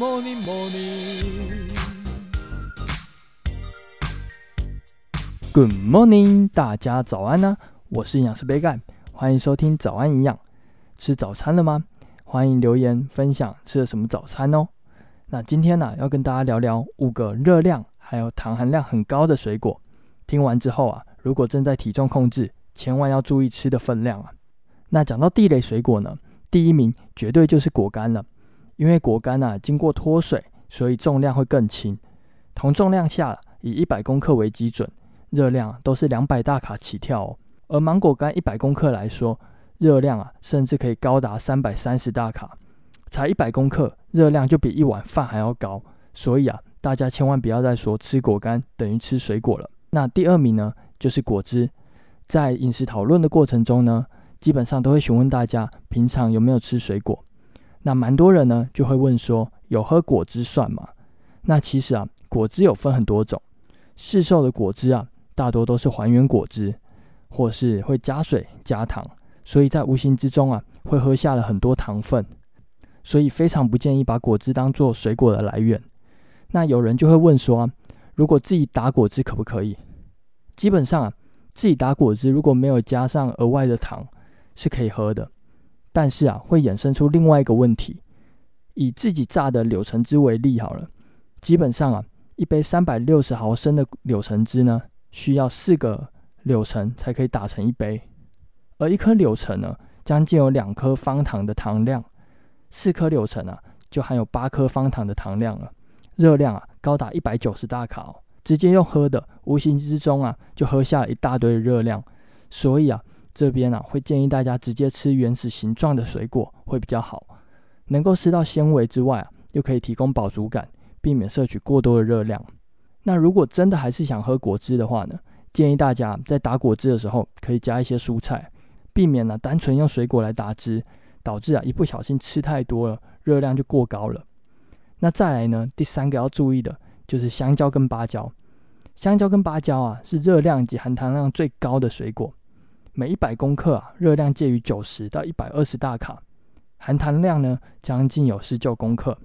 Good morning, Good morning 大家早安呢、啊！我是營養師杯蓋，歡迎收聽早安營養。吃早餐了嗎？歡迎留言分享吃了什麼早餐哦。那今天呢、啊，要跟大家聊聊五個熱量還有糖含量很高的水果。聽完之後啊，如果正在體重控制，千萬要注意吃的分量啊。那講到地雷水果呢，第一名絕對就是果乾了。因為果乾啊，經過脫水，所以重量會更輕。同重量下，以一百公克為基準，熱量啊，都是兩百大卡起跳哦。而芒果乾一百公克來說，熱量啊，甚至可以高達三百三十大卡。才一百公克，熱量就比一碗飯還要高。所以啊，大家千萬不要再說吃果乾等於吃水果了。那第二名呢，就是果汁。在飲食討論的過程中呢，基本上都會詢問大家平常有沒有吃水果。那蠻多人呢，就會問說，有喝果汁算嗎？那其實啊，果汁有分很多種，市售的果汁啊，大多都是還原果汁，或是會加水加糖，所以在無形之中啊，會喝下了很多糖分，所以非常不建議把果汁當做水果的來源。那有人就會問說啊，如果自己打果汁可不可以？基本上啊，自己打果汁如果沒有加上額外的糖，是可以喝的。但是啊，會衍生出另外一個問題。以自己榨的柳橙汁為例好了，基本上啊，一杯三百六十毫升的柳橙汁呢，需要四個柳橙才可以打成一杯。而一顆柳橙呢，將近有兩顆方糖的糖量，四顆柳橙啊，就含有八顆方糖的糖量了，熱量啊高達一百九十大卡哦。直接用喝的，無形之中啊，就喝下一大堆的熱量，所以啊。這邊啊，會建議大家直接吃原始形狀的水果會比較好，能夠吃到纖維之外啊，又可以提供飽足感，避免攝取過多的熱量。那如果真的還是想喝果汁的話呢，建議大家在打果汁的時候可以加一些蔬菜，避免呢啊，單純用水果來打汁，導致啊一不小心吃太多了，熱量就過高了。那再來呢，第三個要注意的就是香蕉跟芭蕉，香蕉跟芭蕉啊是熱量及含糖量最高的水果。每一百公克啊，熱量介於九十到一百二十大卡，含糖量呢將近有十九公克。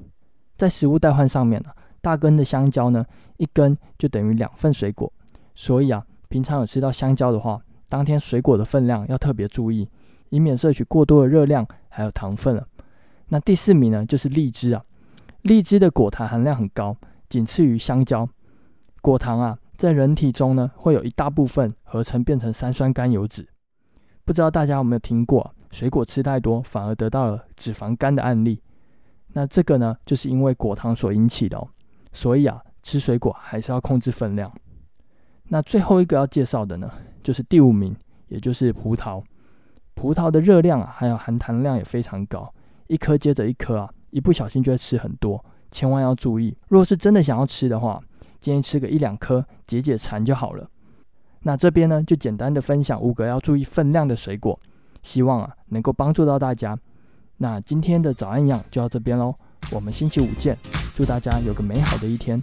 在食物代換上面啊，大根的香蕉呢，一根就等於兩份水果，所以啊，平常有吃到香蕉的話，當天水果的分量要特別注意，以免攝取過多的熱量還有糖分了。那第四名呢，就是荔枝啊，荔枝的果糖含量很高，僅次於香蕉。果糖啊，在人體中呢，會有一大部分合成變成三酸甘油脂。不知道大家有沒有聽過，水果吃太多反而得到了脂肪肝的案例？那這個呢，就是因為果糖所引起的哦。所以啊，吃水果還是要控制分量。那最後一個要介紹的呢，就是第五名，也就是葡萄。葡萄的熱量啊，還有含糖量也非常高，一顆接着一顆啊，一不小心就會吃很多，千萬要注意。如果是真的想要吃的話，建議吃個一兩顆，解解饞就好了。那這邊呢，就簡單的分享五個要注意分量的水果，希望啊能夠幫助到大家。那今天的早安營養就到這邊嘍，我們星期五見，祝大家有個美好的一天。